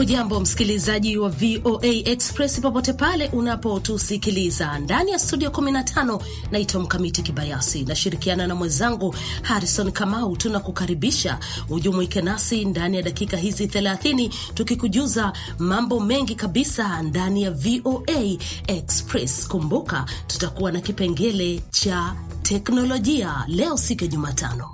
Hujambo msikilizaji wa VOA Express popote pale unapotusikiliza ndani ya studio 15. Naitwa Mkamiti Kibayasi, nashirikiana na mwenzangu Harrison Kamau. Tunakukaribisha ujumuike nasi ndani ya dakika hizi 30 tukikujuza mambo mengi kabisa ndani ya VOA Express. Kumbuka tutakuwa na kipengele cha teknolojia. Leo siku ya Jumatano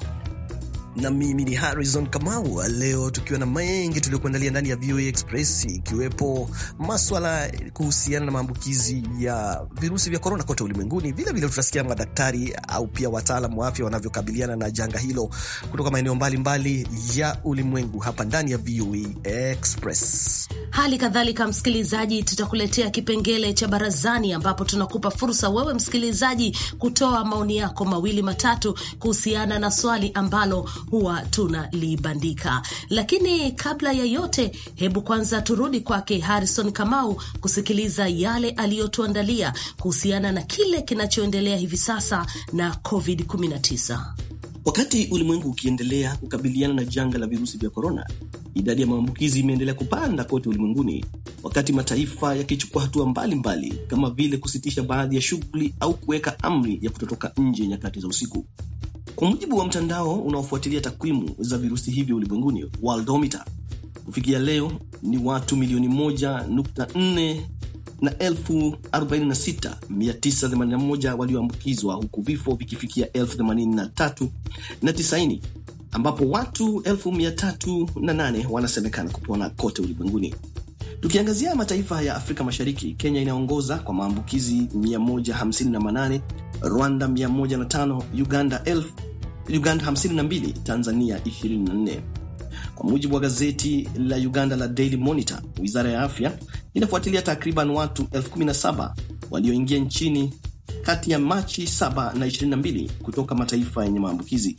na mimi ni Harrison Kamau. Leo tukiwa na mengi tuliokuandalia ndani ya VOA Express, ikiwepo maswala kuhusiana na maambukizi ya virusi vya korona kote ulimwenguni. Vilevile tutasikia madaktari au pia wataalam wa afya wanavyokabiliana na janga hilo kutoka maeneo mbalimbali ya ulimwengu hapa ndani ya VOA Express. Hali kadhalika, msikilizaji, tutakuletea kipengele cha barazani, ambapo tunakupa fursa wewe msikilizaji kutoa maoni yako mawili matatu kuhusiana na swali ambalo huwa tunalibandika. Lakini kabla ya yote, hebu kwanza turudi kwake Harrison Kamau kusikiliza yale aliyotuandalia kuhusiana na kile kinachoendelea hivi sasa na COVID-19. Wakati ulimwengu ukiendelea kukabiliana na janga la virusi vya korona, idadi ya maambukizi imeendelea kupanda kote ulimwenguni, wakati mataifa yakichukua hatua mbalimbali kama vile kusitisha baadhi ya shughuli au kuweka amri ya kutotoka nje nyakati za usiku. Kwa mujibu wa mtandao unaofuatilia takwimu za virusi hivyo ulimwenguni, Worldometer, kufikia leo ni watu milioni 1.4 na 46981 walioambukizwa huku vifo vikifikia 83 na 90 ambapo watu 308 wanasemekana kupona kote ulimwenguni. Tukiangazia mataifa ya Afrika Mashariki, Kenya inaongoza kwa maambukizi 158, Rwanda 105, Uganda 1000, Uganda 52, Tanzania 24. Kwa mujibu wa gazeti la Uganda la Daily Monitor, wizara ya afya inafuatilia takriban watu 17,000 walioingia nchini kati ya Machi 7 na 22 kutoka mataifa yenye maambukizi.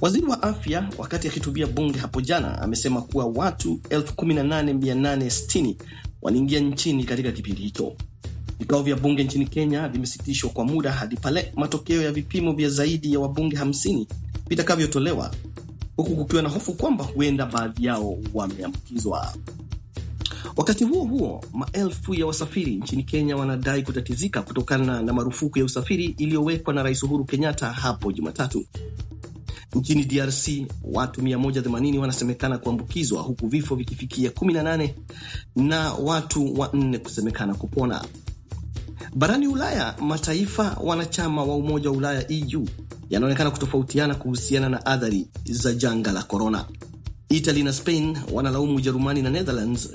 Waziri wa afya wakati akihutubia bunge hapo jana amesema kuwa watu 18860 waliingia nchini katika kipindi hicho. Vikao vya bunge nchini Kenya vimesitishwa kwa muda hadi pale matokeo ya vipimo vya zaidi ya wabunge 50 vitakavyotolewa, huku kukiwa na hofu kwamba huenda baadhi yao wameambukizwa. Wakati huo huo, maelfu ya wasafiri nchini Kenya wanadai kutatizika kutokana na marufuku ya usafiri iliyowekwa na Rais Uhuru Kenyatta hapo Jumatatu. Nchini DRC watu 180 wanasemekana kuambukizwa huku vifo vikifikia 18 na watu wanne kusemekana kupona. Barani Ulaya, mataifa wanachama wa Umoja wa Ulaya EU yanaonekana kutofautiana kuhusiana na athari za janga la korona. Italy na Spain wanalaumu Ujerumani na Netherlands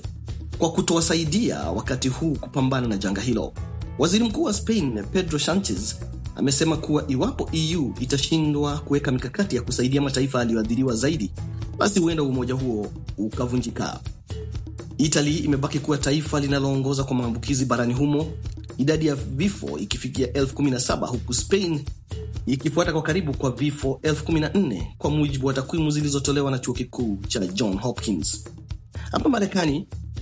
kwa kutowasaidia wakati huu kupambana na janga hilo. Waziri Mkuu wa Spain Pedro Sanchez amesema kuwa iwapo EU itashindwa kuweka mikakati ya kusaidia mataifa yaliyoathiriwa zaidi, basi huenda umoja huo ukavunjika. itali imebaki kuwa taifa linaloongoza kwa maambukizi barani humo, idadi ya vifo ikifikia elfu kumi na saba huku Spain ikifuata kwa karibu kwa vifo elfu kumi na nne kwa mujibu wa takwimu zilizotolewa na chuo kikuu cha John Hopkins. Hapa Marekani,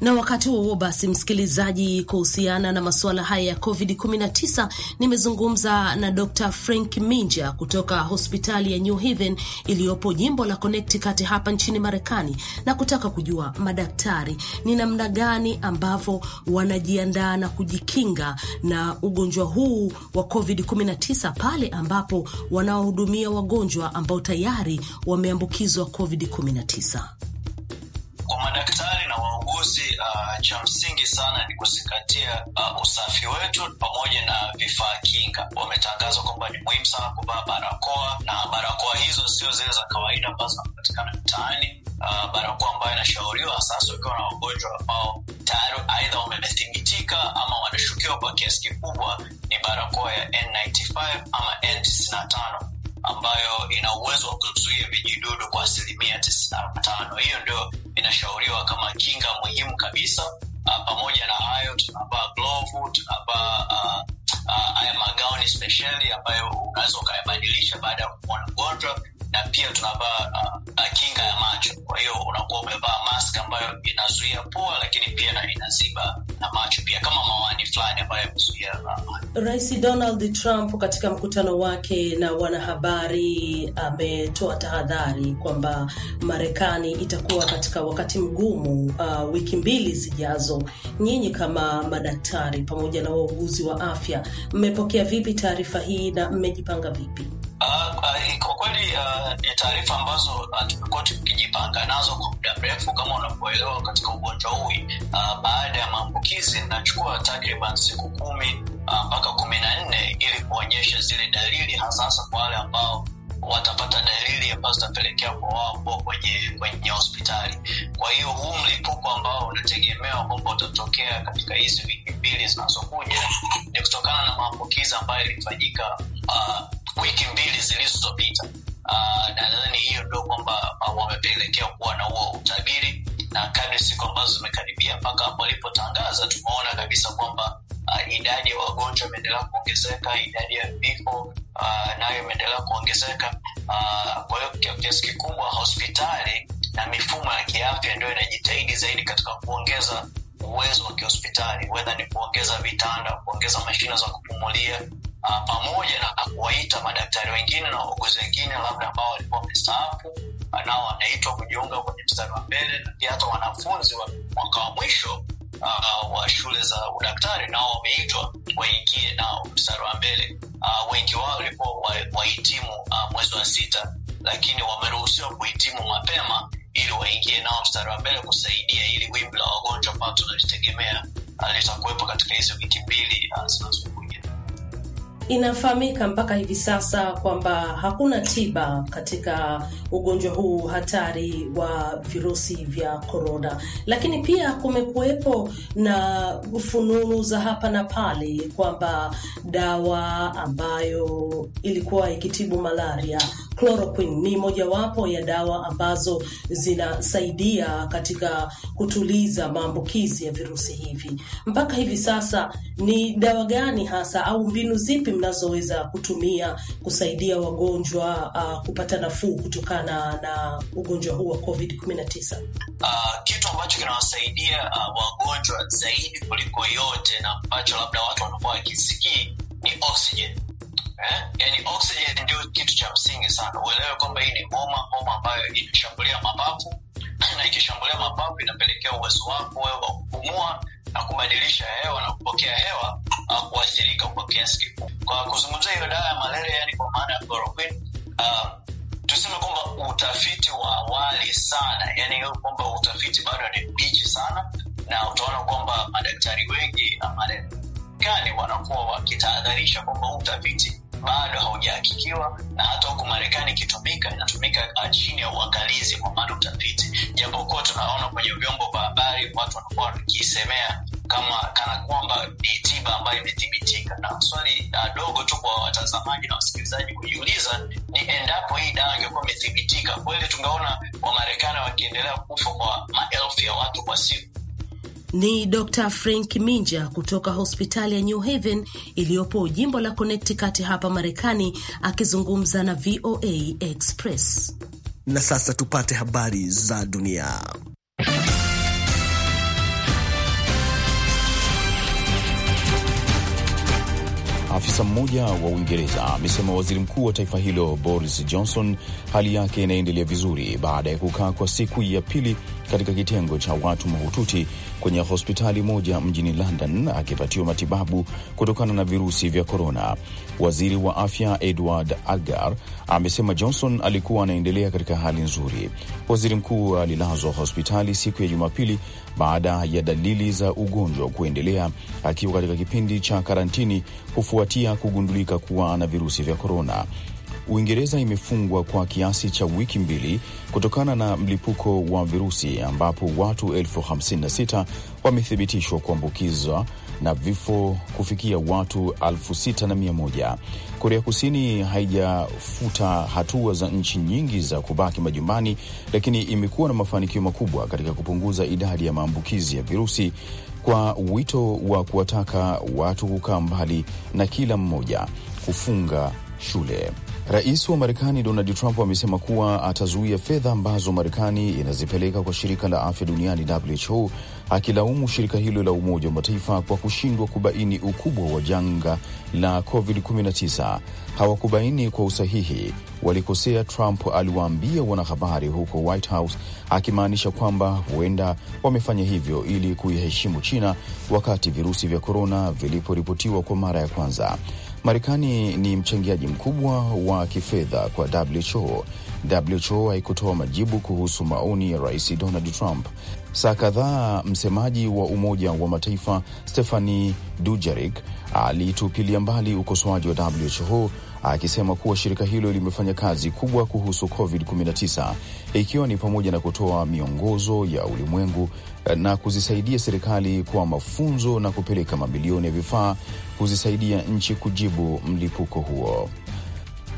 Na wakati huo basi, msikilizaji, kuhusiana na masuala haya ya COVID-19 nimezungumza na Dr. Frank Minja kutoka hospitali ya New Haven iliyopo jimbo la Connecticut hapa nchini Marekani, na kutaka kujua madaktari ni namna gani ambavyo wanajiandaa na kujikinga na ugonjwa huu wa COVID-19 pale ambapo wanaohudumia wagonjwa ambao tayari wameambukizwa COVID-19. Kwa madaktari cha msingi sana ni kuzingatia uh, usafi wetu pamoja na vifaa kinga. Wametangaza kwamba ni muhimu sana kuvaa barakoa, na barakoa hizo sio zile za kawaida ambazo zinapatikana mtaani. Uh, barakoa ambayo inashauriwa sasa ukiwa na wagonjwa ambao tayari aidha wamethibitika ama wanashukiwa kwa kiasi kikubwa ni barakoa ya N95 ama N95 ambayo ina uwezo wa kuzuia vijidudu kwa asilimia tisini na tano. Hiyo ndio inashauriwa kama kinga muhimu kabisa. Uh, pamoja na hayo tunavaa glovu, tunavaa uh, uh, haya magauni spesheli ambayo unaweza ukayabadilisha baada ya kumwona mgonjwa, na pia tunavaa uh, kinga ya macho. Kwa hiyo unakuwa umevaa mask ambayo inazuia pua, lakini pia na inaziba na macho pia kama mawani fulani ambayo yamezuia. Uh, Rais Donald Trump katika mkutano wake na wanahabari ametoa tahadhari kwamba Marekani itakuwa katika wakati mgumu uh, wiki mbili zijazo. Nyinyi kama madaktari pamoja na wauguzi wa afya mmepokea vipi taarifa hii na mmejipanga vipi? Uh, uh, kwa kweli uh, ni taarifa ambazo uh, tumekuwa tukijipanga nazo kwa muda mrefu, kama unavyoelewa katika ugonjwa huu. Uh, baada ya maambukizi inachukua takriban siku kumi ah, mpaka uh, kumi na nne ili kuonyesha zile dalili, hasa hasa kwa wale ambao watapata dalili ambazo zitapelekea kwa wao kuwa kwenye kwenye hospitali. Kwa hiyo huu mlipuko ambao unategemewa kwamba utatokea katika hizi wiki mbili zinazokuja ni kutokana na maambukizi ambayo ilifanyika uh, ah, wiki mbili zilizopita uh, siku ambazo zimekaribia mpaka hapo alipotangaza, tumeona kabisa kwamba uh, idadi ya wagonjwa imeendelea kuongezeka, idadi ya vifo uh, nayo imeendelea kuongezeka. Uh, kwa hiyo kiasi kikubwa hospitali na mifumo ya kiafya ndio inajitahidi zaidi katika kuongeza uwezo wa kihospitali, wedha ni kuongeza vitanda, kuongeza mashine za kupumulia uh, pamoja na kuwaita madaktari wengine na wauguzi wengine labda ambao walikuwa wamestaafu nao wanaitwa kujiunga kwenye mstari wa mbele, na pia hata wanafunzi wa mwaka wa mwisho uh, wa shule za udaktari nao wameitwa waingie nao mstari wa mbele. Uh, wengi wao walikuwa wahitimu uh, mwezi wa sita, lakini wameruhusiwa kuhitimu mapema ili waingie nao mstari wa mbele kusaidia ili wimbi la wagonjwa ambao tunalitegemea litakuwepo katika hizo wiki mbili uh, Inafahamika mpaka hivi sasa kwamba hakuna tiba katika ugonjwa huu hatari wa virusi vya korona, lakini pia kumekuwepo na fununu za hapa na pale kwamba dawa ambayo ilikuwa ikitibu malaria chloroquine ni mojawapo ya dawa ambazo zinasaidia katika kutuliza maambukizi ya virusi hivi. Mpaka hivi sasa ni dawa gani hasa au mbinu zipi mnazoweza kutumia kusaidia wagonjwa uh, kupata nafuu kutokana na ugonjwa huu wa COVID-19? Uh, kitu ambacho kinawasaidia uh, wagonjwa zaidi kuliko yote na ambacho labda watu wanakuwa wakisikii ni oxygen. Eh? Yani oxygen ndio kitu cha msingi sana. Uelewe kwamba hii ni homa, homa ambayo inashambulia mapafu na ikishambulia mapafu inapelekea uwezo wako wewe wa kupumua na kubadilisha hewa na kupokea hewa uh, kuathirika kwa kiasi kikubwa. Kwa kuzungumzia hiyo dawa ya malaria, yani kwa maana ya chloroquine, uh, tuseme kwamba utafiti wa awali sana, yani kwamba utafiti bado ni mbichi sana, na utaona kwamba madaktari wengi na Marekani wanakuwa wakitahadharisha kwamba utafiti bado haujahakikiwa na hata huku Marekani ikitumika inatumika uh, chini ya uangalizi, kwa maana utafiti, japokuwa tunaona kwenye vyombo vya habari watu wanakuwa wakisemea kama kana kwamba ni tiba ambayo imethibitika, na swali uh, dogo tu kwa watazamaji na wasikilizaji kujiuliza ni endapo hii dawa ingekuwa imethibitika kweli, tungeona Wamarekani wakiendelea kufa kwa maelfu ya watu kwa siku. Ni Dr. Frank Minja kutoka hospitali ya New Haven iliyopo jimbo la Connecticut hapa Marekani akizungumza na VOA Express. Na sasa tupate habari za dunia. Afisa mmoja wa Uingereza amesema waziri mkuu wa taifa hilo Boris Johnson hali yake inaendelea vizuri baada ya kukaa kwa siku ya pili katika kitengo cha watu mahututi kwenye hospitali moja mjini London akipatiwa matibabu kutokana na virusi vya korona. Waziri wa afya Edward Agar amesema Johnson alikuwa anaendelea katika hali nzuri. Waziri mkuu alilazwa hospitali siku ya Jumapili baada ya dalili za ugonjwa kuendelea akiwa katika kipindi cha karantini kufuatia kugundulika kuwa na virusi vya korona. Uingereza imefungwa kwa kiasi cha wiki mbili kutokana na mlipuko wa virusi ambapo watu elfu 56 wamethibitishwa kuambukizwa na vifo kufikia watu elfu sita na mia moja. Korea Kusini haijafuta hatua za nchi nyingi za kubaki majumbani, lakini imekuwa na mafanikio makubwa katika kupunguza idadi ya maambukizi ya virusi kwa wito wa kuwataka watu kukaa mbali na kila mmoja kufunga shule. Rais wa Marekani Donald Trump amesema kuwa atazuia fedha ambazo Marekani inazipeleka kwa shirika la afya duniani WHO akilaumu shirika hilo la Umoja wa Mataifa kwa kushindwa kubaini ukubwa wa janga la COVID-19. Hawakubaini kwa usahihi, walikosea, Trump aliwaambia wanahabari huko White House, akimaanisha kwamba huenda wamefanya hivyo ili kuiheshimu China wakati virusi vya korona viliporipotiwa kwa mara ya kwanza. Marekani ni mchangiaji mkubwa wa kifedha kwa WHO. WHO haikutoa majibu kuhusu maoni ya Rais Donald Trump saa kadhaa msemaji wa Umoja wa Mataifa Stephani Dujarik alitupilia mbali ukosoaji wa WHO akisema kuwa shirika hilo limefanya kazi kubwa kuhusu COVID-19 ikiwa ni pamoja na kutoa miongozo ya ulimwengu eh, na kuzisaidia serikali kwa mafunzo na kupeleka mabilioni ya vifaa kuzisaidia nchi kujibu mlipuko huo.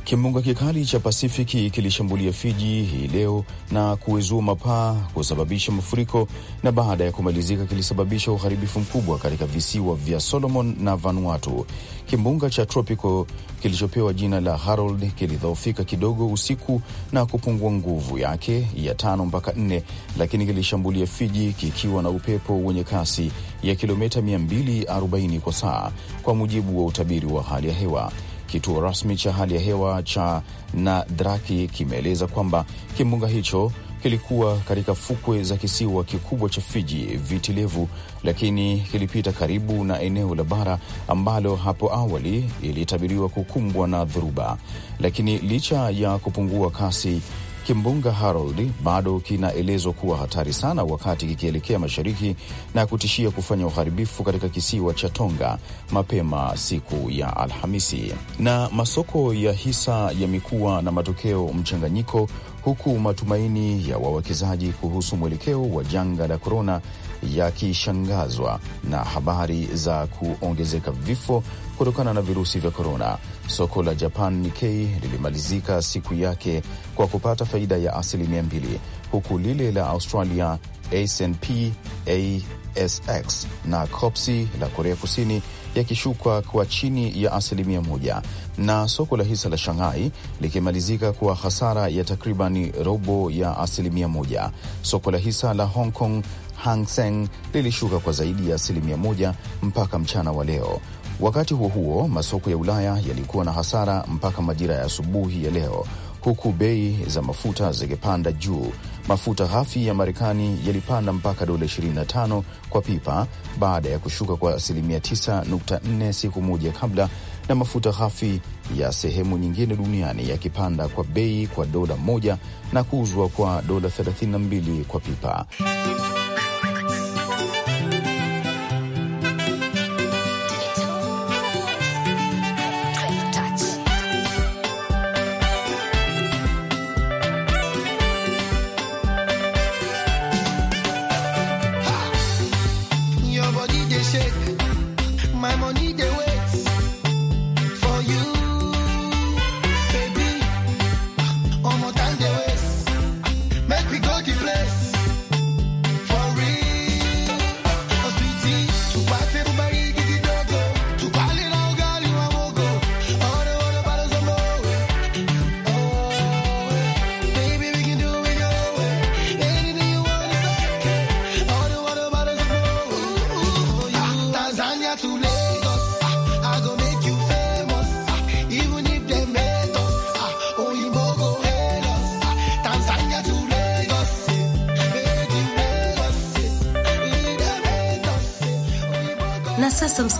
Kimbunga kikali cha Pasifiki kilishambulia Fiji hii leo na kuwezua mapaa kusababisha mafuriko, na baada ya kumalizika kilisababisha uharibifu mkubwa katika visiwa vya Solomon na Vanuatu. Kimbunga cha tropico kilichopewa jina la Harold kilidhoofika kidogo usiku na kupungua nguvu yake ya tano mpaka nne, lakini kilishambulia Fiji kikiwa na upepo wenye kasi ya kilomita 240 kwa saa, kwa mujibu wa utabiri wa hali ya hewa. Kituo rasmi cha hali ya hewa cha Nadraki kimeeleza kwamba kimbunga hicho kilikuwa katika fukwe za kisiwa kikubwa cha Fiji Vitilevu, lakini kilipita karibu na eneo la bara ambalo hapo awali ilitabiriwa kukumbwa na dhoruba. Lakini licha ya kupungua kasi Kimbunga Harold bado kinaelezwa kuwa hatari sana, wakati kikielekea mashariki na kutishia kufanya uharibifu katika kisiwa cha Tonga mapema siku ya Alhamisi. Na masoko ya hisa yamekuwa na matokeo mchanganyiko, huku matumaini ya wawekezaji kuhusu mwelekeo wa janga la korona yakishangazwa na habari za kuongezeka vifo kutokana na virusi vya korona. Soko la Japan Nikkei lilimalizika siku yake kwa kupata faida ya asilimia mbili huku lile la Australia SNP ASX na Kopsi la Korea Kusini yakishuka kwa chini ya asilimia moja na soko la hisa la Shanghai likimalizika kwa hasara ya takriban robo ya asilimia moja. Soko la hisa la Hong Kong Hang Seng lilishuka kwa zaidi ya asilimia moja mpaka mchana wa leo. Wakati huo huo, masoko ya Ulaya yalikuwa na hasara mpaka majira ya asubuhi ya leo, huku bei za mafuta zikipanda juu. Mafuta ghafi ya Marekani yalipanda mpaka dola 25 kwa pipa baada ya kushuka kwa asilimia 9.4 siku moja kabla, na mafuta ghafi ya sehemu nyingine duniani yakipanda kwa bei kwa dola moja na kuuzwa kwa dola 32 kwa pipa.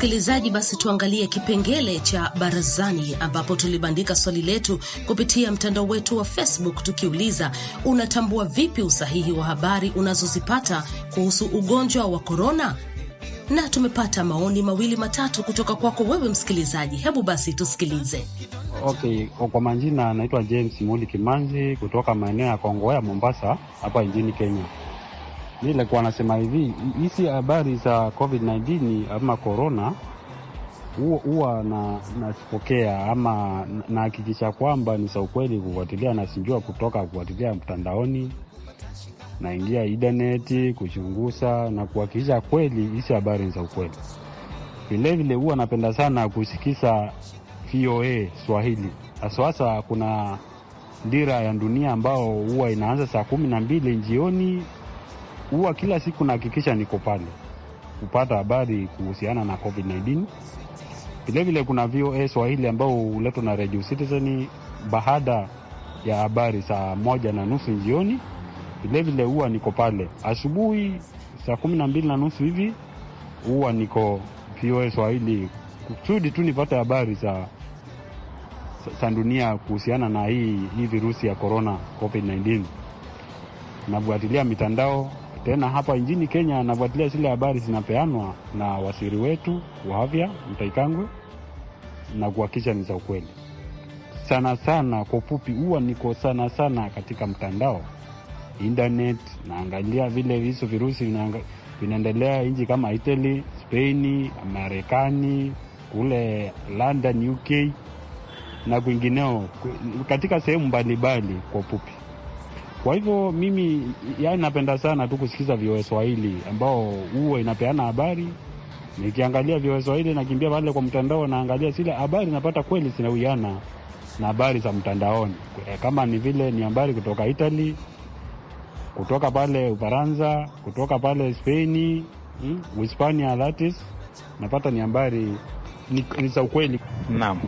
Msikilizaji, basi tuangalie kipengele cha barazani, ambapo tulibandika swali letu kupitia mtandao wetu wa Facebook tukiuliza, unatambua vipi usahihi wa habari unazozipata kuhusu ugonjwa wa korona? Na tumepata maoni mawili matatu kutoka kwako wewe msikilizaji. Hebu basi tusikilize. Okay, kwa majina anaitwa James Muli Kimanzi kutoka maeneo ya Kongowea, Mombasa hapa nchini Kenya ila kwa anasema hivi, hizi habari za COVID-19 ama corona huwa na nasipokea ama nahakikisha kwamba ni za ukweli, kufuatilia nasinjua kutoka kufuatilia mtandaoni, naingia intaneti kuchunguza na kuhakikisha kweli hizi habari za ukweli. Vilevile huwa napenda sana kusikiza VOA Swahili, hasasa kuna dira ya dunia ambao huwa inaanza saa kumi na mbili jioni huwa kila siku nahakikisha niko pale kupata habari kuhusiana na COVID-19. Vilevile kuna VOA Swahili ambao huletwa na Radio Citizen baada ya habari saa moja na nusu jioni. Vilevile huwa niko pale asubuhi saa kumi na mbili na nusu hivi huwa niko VOA Swahili kusudi tu nipate habari za za dunia kuhusiana na hii hii virusi ya corona COVID-19. Nafuatilia mitandao tena hapa nchini Kenya anafuatilia zile habari zinapeanwa na waziri wetu wa afya Mtaikangwe na kuhakikisha ni za ukweli. Sana sana kwa ufupi, huwa niko sana sana katika mtandao internet, naangalia vile hizo virusi vinaendelea nchi kama Italy, Spain, Marekani, kule London, UK na kwingineo katika sehemu mbalimbali kwa ufupi. Kwa hivyo mimi, yani, napenda sana tu kusikiza VOA Swahili ambao huwa inapeana habari. Nikiangalia VOA Swahili nakimbia pale kwa mtandao, naangalia zile habari napata kweli zinawiana na habari za mtandaoni, eh, kama ni vile ni habari kutoka Italy, kutoka pale Ufaransa, kutoka pale Spain, hmm, Uhispania, latis napata ni habari ni za ukweli. Naam,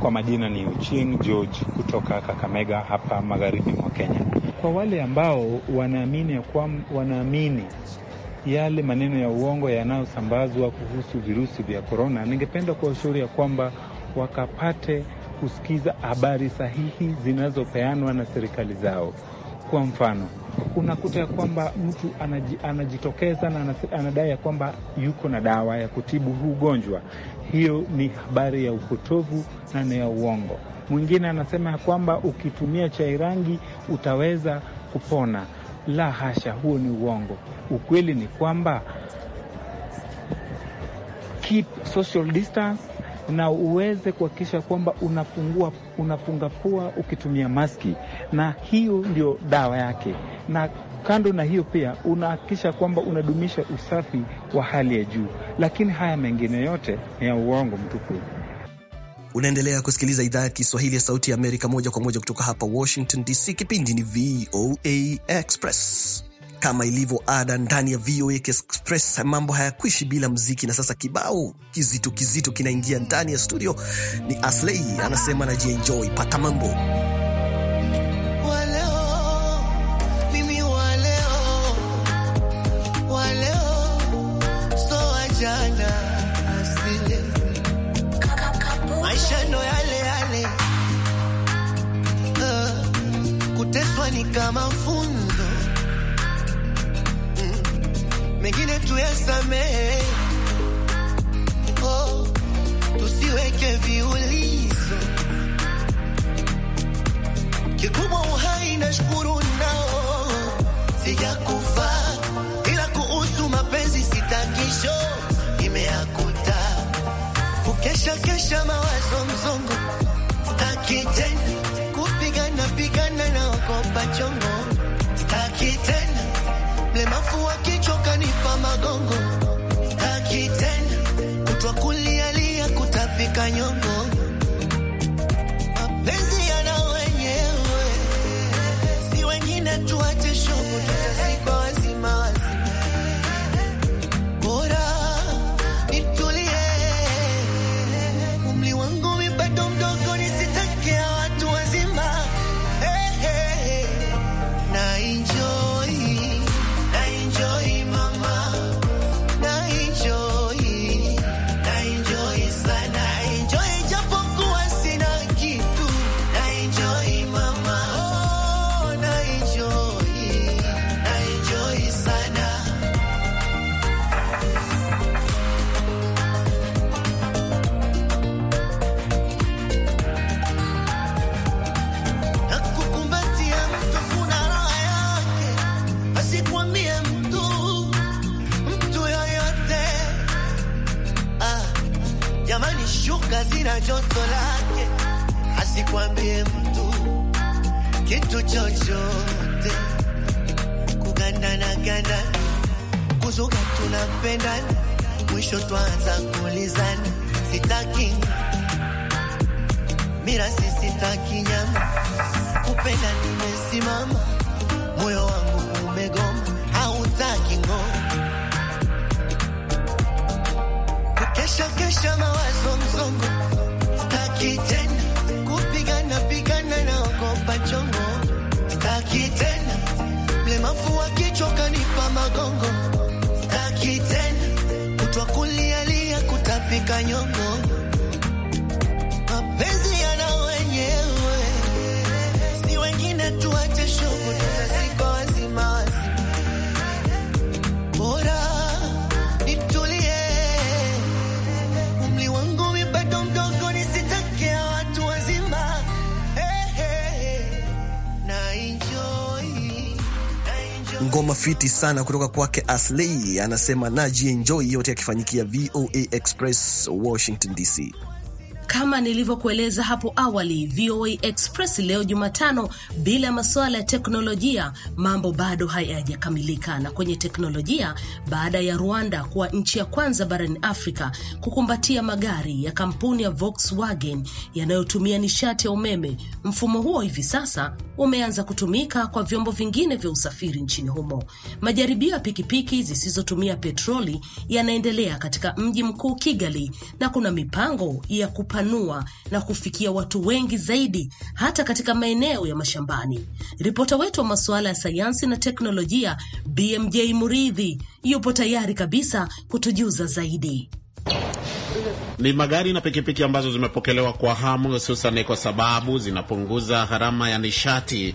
kwa majina ni Uchin George kutoka Kakamega hapa magharibi mwa Kenya kwa wale ambao wanaamini kwa wanaamini yale maneno ya uongo yanayosambazwa kuhusu virusi vya korona, ningependa kuwashauri ya kwamba wakapate kusikiza habari sahihi zinazopeanwa na serikali zao. Kwa mfano, unakuta ya kwamba mtu anajitokeza na anadai ya kwamba yuko na dawa ya kutibu huu ugonjwa. Hiyo ni habari ya upotovu na ni ya uongo. Mwingine anasema ya kwamba ukitumia chai rangi utaweza kupona. La hasha, huo ni uongo. Ukweli ni kwamba keep social distance na uweze kuhakikisha kwamba unafungua unafunga pua ukitumia maski, na hiyo ndio dawa yake. Na kando na hiyo, pia unahakikisha kwamba unadumisha usafi wa hali ya juu, lakini haya mengine yote ni ya uongo mtupu. Unaendelea kusikiliza idhaa ya Kiswahili ya Sauti ya Amerika moja kwa moja kutoka hapa Washington DC. Kipindi ni VOA Express. Kama ilivyo ada ndani ya VOA Express, mambo hayakwishi bila mziki, na sasa kibao kizito kizito kinaingia ndani ya studio. Ni Asley anasema najienjoy, pata mambo kama funzo mm, mengine tuyasamehe, oh, tusiweke viulizo. Kikubwa uhai na shukuru nao, sijakufa ila kuhusu mapenzi sitakisho imeakuta kukesha kesha mawazo mzongo takiteni napigana na wakopa chongo, staki tena mlemafu wa kichwa kanipa magongo, staki tena kutwa kulialia kutafika nyongo magongo kakiten kutwa kulialia kutapika nyongo ngoma fiti sana kutoka kwake Asley, anasema naji enjoy yote yakifanyikia VOA Express Washington DC. Kama nilivyokueleza hapo awali, VOA Express leo Jumatano, bila ya masuala ya teknolojia, mambo bado hayajakamilika. Na kwenye teknolojia, baada ya Rwanda kuwa nchi ya kwanza barani Afrika kukumbatia magari ya kampuni ya Volkswagen yanayotumia nishati ya umeme, mfumo huo hivi sasa umeanza kutumika kwa vyombo vingine vya usafiri nchini humo. Majaribio ya pikipiki zisizotumia petroli yanaendelea katika mji mkuu Kigali, na kuna mipango ya kupanua kupanua na kufikia watu wengi zaidi hata katika maeneo ya mashambani. Ripota wetu wa masuala ya sayansi na teknolojia BMJ Muridhi yupo tayari kabisa kutujuza zaidi. Ni magari na pikipiki ambazo zimepokelewa kwa hamu, hususan kwa sababu zinapunguza gharama ya nishati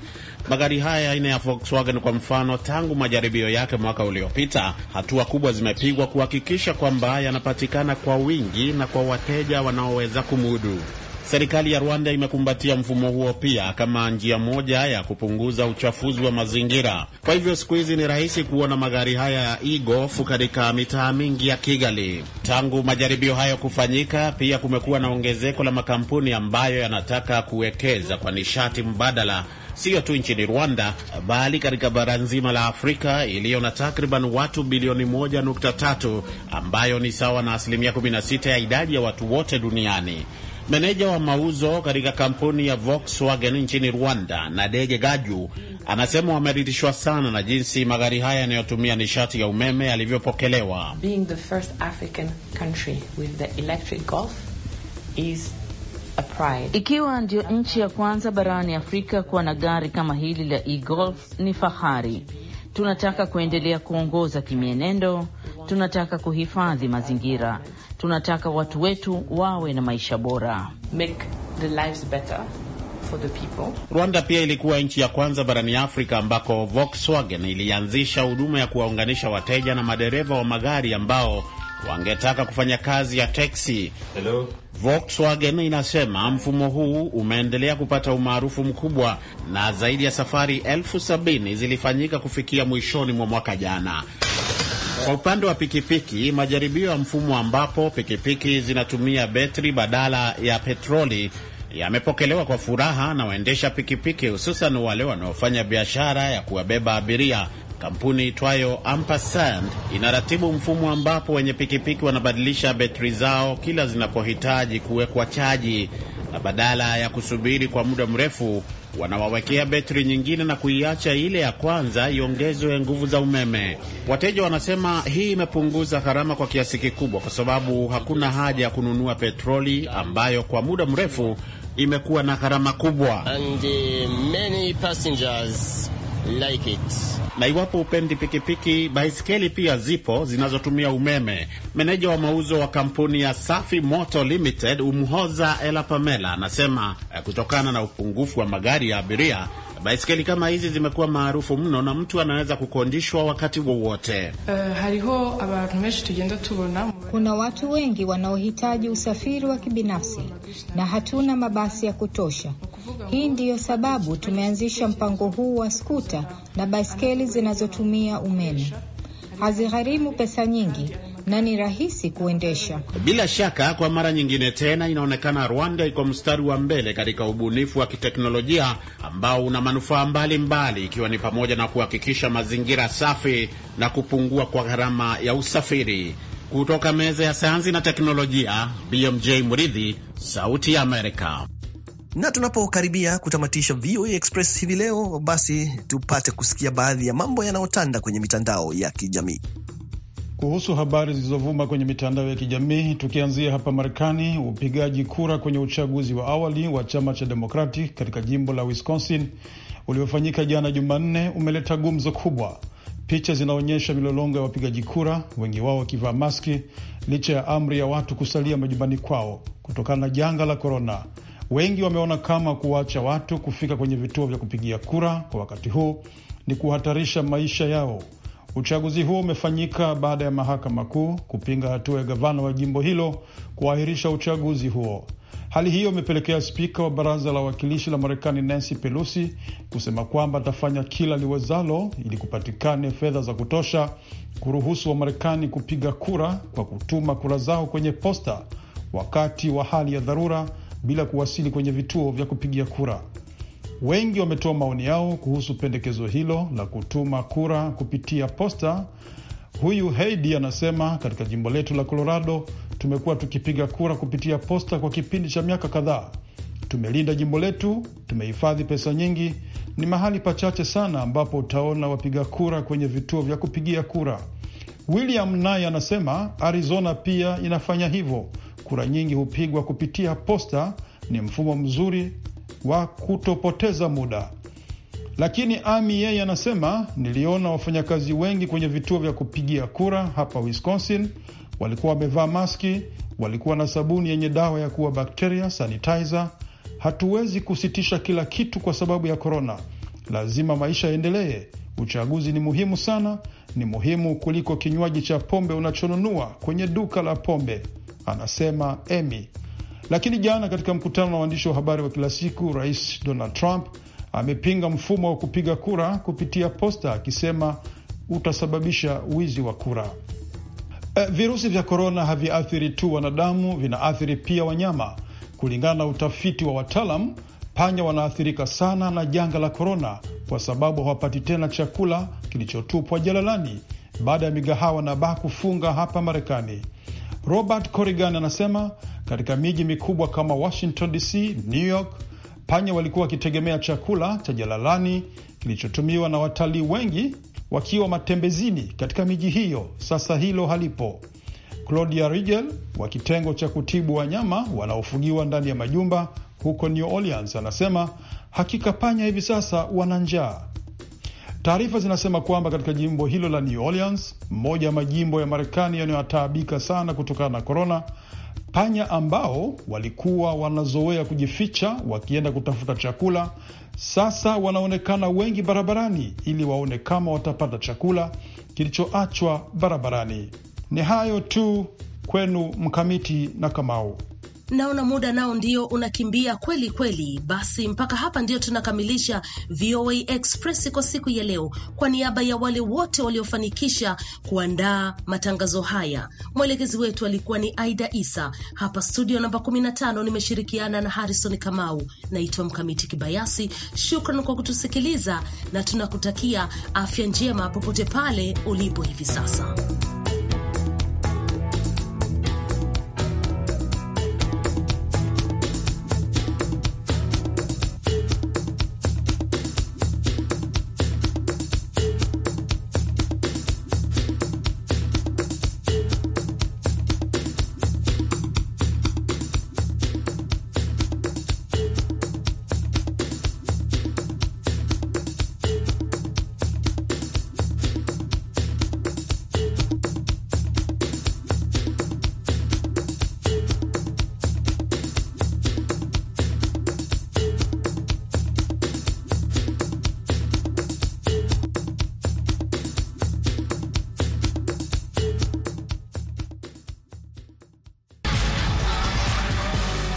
Magari haya aina ya Volkswagen kwa mfano, tangu majaribio yake mwaka uliopita, hatua kubwa zimepigwa kuhakikisha kwamba yanapatikana kwa wingi na kwa wateja wanaoweza kumudu. Serikali ya Rwanda imekumbatia mfumo huo pia kama njia moja ya kupunguza uchafuzi wa mazingira. Kwa hivyo siku hizi ni rahisi kuona magari haya ya e-golf katika mitaa mingi ya Kigali. Tangu majaribio hayo kufanyika, pia kumekuwa na ongezeko la makampuni ambayo yanataka kuwekeza kwa nishati mbadala sio tu nchini Rwanda bali katika bara nzima la Afrika iliyo na takriban watu bilioni 1.3 ambayo ni sawa na asilimia 16 ya idadi ya watu wote duniani. Meneja wa mauzo katika kampuni ya Volkswagen nchini Rwanda, Nadege Gaju, anasema wameridhishwa sana na jinsi magari haya yanayotumia nishati ya umeme yalivyopokelewa. Being the first African country with the electric Golf is ikiwa ndiyo nchi ya kwanza barani Afrika kuwa na gari kama hili la e-golf ni fahari. Tunataka kuendelea kuongoza kimienendo, tunataka kuhifadhi mazingira, tunataka watu wetu wawe na maisha bora. Make the lives better. Rwanda pia ilikuwa nchi ya kwanza barani Afrika ambako Volkswagen ilianzisha huduma ya kuwaunganisha wateja na madereva wa magari ambao wangetaka kufanya kazi ya teksi. Hello. Volkswagen inasema mfumo huu umeendelea kupata umaarufu mkubwa na zaidi ya safari elfu sabini zilifanyika kufikia mwishoni mwa mwaka jana. Kwa upande wa pikipiki, majaribio ya mfumo ambapo pikipiki zinatumia betri badala ya petroli yamepokelewa kwa furaha na waendesha pikipiki, hususan wale wanaofanya biashara ya kuwabeba abiria Kampuni itwayo Ampersand inaratibu mfumo ambapo wenye pikipiki wanabadilisha betri zao kila zinapohitaji kuwekwa chaji, na badala ya kusubiri kwa muda mrefu wanawawekea betri nyingine na kuiacha ile ya kwanza iongezwe nguvu za umeme. Wateja wanasema hii imepunguza gharama kwa kiasi kikubwa, kwa sababu hakuna haja ya kununua petroli ambayo kwa muda mrefu imekuwa na gharama kubwa And, uh, many passengers like it. Na iwapo upendi pikipiki, baiskeli pia zipo zinazotumia umeme. Meneja wa mauzo wa kampuni ya Safi Moto Limited Umhoza Ela Pamela anasema eh, kutokana na upungufu wa magari ya abiria baiskeli kama hizi zimekuwa maarufu mno na mtu anaweza kukondishwa wakati wowote. Eh, Kuna watu wengi wanaohitaji usafiri wa kibinafsi na hatuna mabasi ya kutosha. Hii ndiyo sababu tumeanzisha mpango huu wa skuta na baiskeli zinazotumia umeme hazigharimu pesa nyingi na ni rahisi kuendesha. Bila shaka, kwa mara nyingine tena inaonekana Rwanda iko mstari wa mbele katika ubunifu wa kiteknolojia ambao una manufaa mbalimbali, ikiwa ni pamoja na kuhakikisha mazingira safi na kupungua kwa gharama ya usafiri. Kutoka meza ya sayansi na teknolojia, BMJ Muridhi, Sauti ya Amerika na tunapokaribia kutamatisha VOA Express hivi leo, basi tupate kusikia baadhi ya mambo yanayotanda kwenye mitandao ya kijamii kuhusu habari zilizovuma kwenye mitandao ya kijamii tukianzia hapa Marekani. Upigaji kura kwenye uchaguzi wa awali wa chama cha Demokrati katika jimbo la Wisconsin uliofanyika jana Jumanne umeleta gumzo kubwa. Picha zinaonyesha milolongo ya wapigaji kura, wengi wao wakivaa maski licha ya amri ya watu kusalia majumbani kwao kutokana na janga la korona. Wengi wameona kama kuwaacha watu kufika kwenye vituo vya kupigia kura kwa wakati huu ni kuhatarisha maisha yao. Uchaguzi huo umefanyika baada ya mahakama kuu kupinga hatua ya gavana wa jimbo hilo kuahirisha uchaguzi huo. Hali hiyo imepelekea spika wa baraza la wawakilishi la Marekani Nancy Pelosi kusema kwamba atafanya kila liwezalo ili kupatikane fedha za kutosha kuruhusu Wamarekani kupiga kura kwa kutuma kura zao kwenye posta wakati wa hali ya dharura bila kuwasili kwenye vituo vya kupigia kura. Wengi wametoa maoni yao kuhusu pendekezo hilo la kutuma kura kupitia posta. Huyu Heidi anasema, katika jimbo letu la Colorado tumekuwa tukipiga kura kupitia posta kwa kipindi cha miaka kadhaa. Tumelinda jimbo letu, tumehifadhi pesa nyingi. Ni mahali pachache sana ambapo utaona wapiga kura kwenye vituo vya kupigia kura. William naye anasema Arizona pia inafanya hivyo, Kura nyingi hupigwa kupitia posta. Ni mfumo mzuri wa kutopoteza muda. Lakini Ami yeye anasema, niliona wafanyakazi wengi kwenye vituo vya kupigia kura hapa Wisconsin walikuwa wamevaa maski, walikuwa na sabuni yenye dawa ya kuua bakteria, sanitizer. Hatuwezi kusitisha kila kitu kwa sababu ya korona, lazima maisha yaendelee. Uchaguzi ni muhimu sana, ni muhimu kuliko kinywaji cha pombe unachonunua kwenye duka la pombe anasema Emi. Lakini jana katika mkutano na waandishi wa habari wa kila siku, Rais Donald Trump amepinga mfumo wa kupiga kura kupitia posta akisema utasababisha wizi wa kura. E, virusi vya korona haviathiri tu wanadamu, vinaathiri pia wanyama. Kulingana na utafiti wa wataalam, panya wanaathirika sana na janga la korona kwa sababu hawapati tena chakula kilichotupwa jalalani baada ya migahawa na baa kufunga hapa Marekani. Robert Corrigan anasema katika miji mikubwa kama Washington DC, New York, panya walikuwa wakitegemea chakula cha jalalani kilichotumiwa na watalii wengi wakiwa matembezini katika miji hiyo. Sasa hilo halipo. Claudia Rigel wa kitengo cha kutibu wanyama wanaofugiwa ndani ya majumba huko New Orleans anasema hakika panya hivi sasa wana njaa. Taarifa zinasema kwamba katika jimbo hilo la New Orleans, mmoja ya majimbo ya Marekani yanayotaabika sana kutokana na korona, panya ambao walikuwa wanazoea kujificha wakienda kutafuta chakula sasa wanaonekana wengi barabarani ili waone kama watapata chakula kilichoachwa barabarani. Ni hayo tu kwenu Mkamiti na Kamau. Naona muda nao ndio unakimbia kweli kweli. Basi mpaka hapa ndio tunakamilisha VOA Express kwa siku ya leo. Kwa niaba ya wale wote waliofanikisha kuandaa matangazo haya, mwelekezi wetu alikuwa ni Aida Isa. Hapa studio namba 15 nimeshirikiana na Harrison Kamau. Naitwa Mkamiti Kibayasi. Shukran kwa kutusikiliza na tunakutakia afya njema popote pale ulipo hivi sasa.